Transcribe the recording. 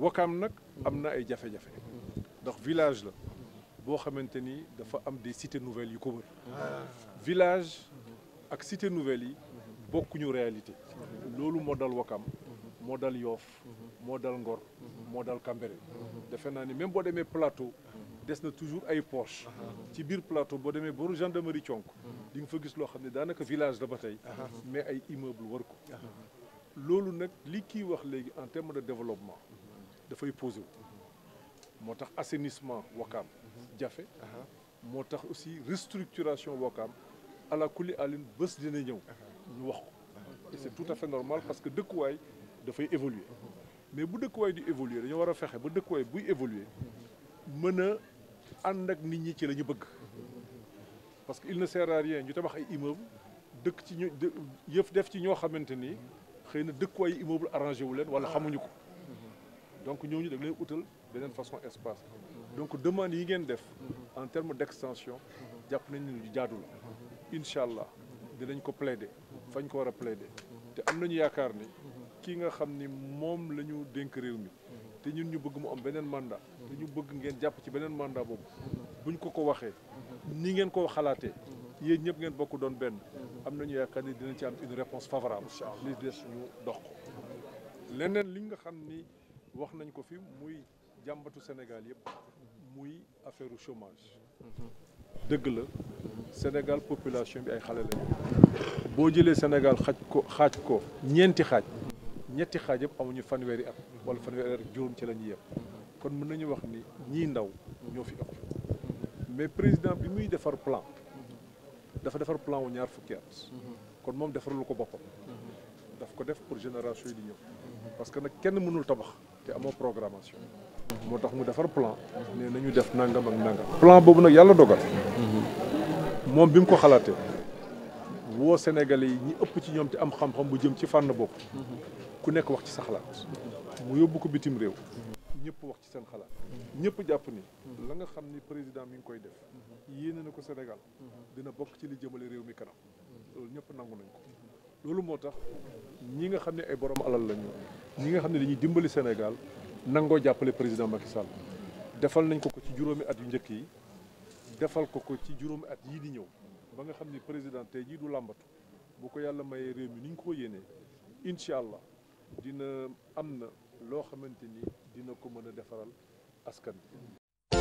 Wakaam nag am na ay jafe-jafe ndax village la boo xamante ni dafa am des cité nouvelles yu ko wër village ak cité nouvelles yi bokkuñu réalité loolu moo dal Wakaam moo dal Yoof moo dal Ngor moo dal Cambérène defe naa ni même boo demee plateau des na toujours ay poche ci biir plateau boo demee boru gendarmerie conk di nga fa gis loo xam ne daanaka village la ba tey mais ay immeuble war ko loolu nag li kiy wax léegi en terme de développement dafay posé wu moo tax assainissement Wakaam jafe moo tax aussi restructuration Wakaam ala kulli alin bés dina ñëw ñu wax ko et c'est tout à fait normal parce que dëkkuwaay dafay évoluer mais bu dëkkuwaay di évoluer dañoo war a fexe ba dëkkuwaay buy évoluer mën a ànd ak nit ñi ci lañu bëgg parce que il ne sert à rien ñu tabax ay immeuble dëkk ci ñu yëf def ci ñoo xamante ni xëy na dëkkuwaay immeuble arrangé wu leen wala xamuñu ko donc ñooñu da lay utal beneen façon espace donc demande yi ngeen def en terme d' extension jàpp nañ ne lu jaadu la incha allah dinañ ko plaider fañ ko war a plaider te am nañu yaakaar ni kii nga xam ni moom la ñu dénk réew mi te ñun ñu bëgg mu am beneen mandat te ñu bëgg ngeen jàpp ci beneen mandat boobu buñ ko ko waxee ni ngeen ko xalaatee yéen ñëpp ngeen bokk doon benn am nañu yaakaar ni dinañ ci am une réponse favorable li des ñu dox wax nañ ko fi muy jàmbatu Sénégal yëpp muy affaire chomage dëgg la Sénégal population bi ay xale lañu boo jëlee Sénégal xaj ko xaaj ko ñeenti xaaj ñetti xaaj yëpp amuñu fanweeri at wala fanweeri at juróom ci la ñuy yëpp kon mën nañu wax ni ñii ndaw ñoo fi ëpp mais président bi muy defar plan dafa defar plan wu ñaar fukki at kon moom defarul ko boppam daf ko def pour génération yi di ñëw parce que nag kenn mënul tabax te amoo programmation moo tax mu defar plan ne nañu def nangam ak nangam plan boobu nag yàlla dogal moom bi mu ko xalaatee woo sénégal yi ñi ëpp ci ñoom te am xam-xam bu jëm ci fànn bopp ku nekk wax ci sa xalaat mu yóbbu ko bitim réew ñëpp wax ci seen xalaat ñëpp jàpp ni la nga xam ni président mi ngi koy def yéene na ko Sénégal dina bokk ci li jëmale réew mi kanam loolu ñëpp nangu nañ ko loolu moo tax ñi nga xam ne ay borom alal lañu ñi nga xam ne dañuy dimbali Sénégal nangoo jàppale président Macky Sall defal nañ ko ko ci juróomi at yu njëkk yi defal ko ko ci juróomi at yii di ñëw ba nga xam ne président tey jii du làmbatu bu ko yàlla mayee réew mi ni ñu ko yéenee incha allah dina am na loo xamante ni dina ko mën a defaral askan bi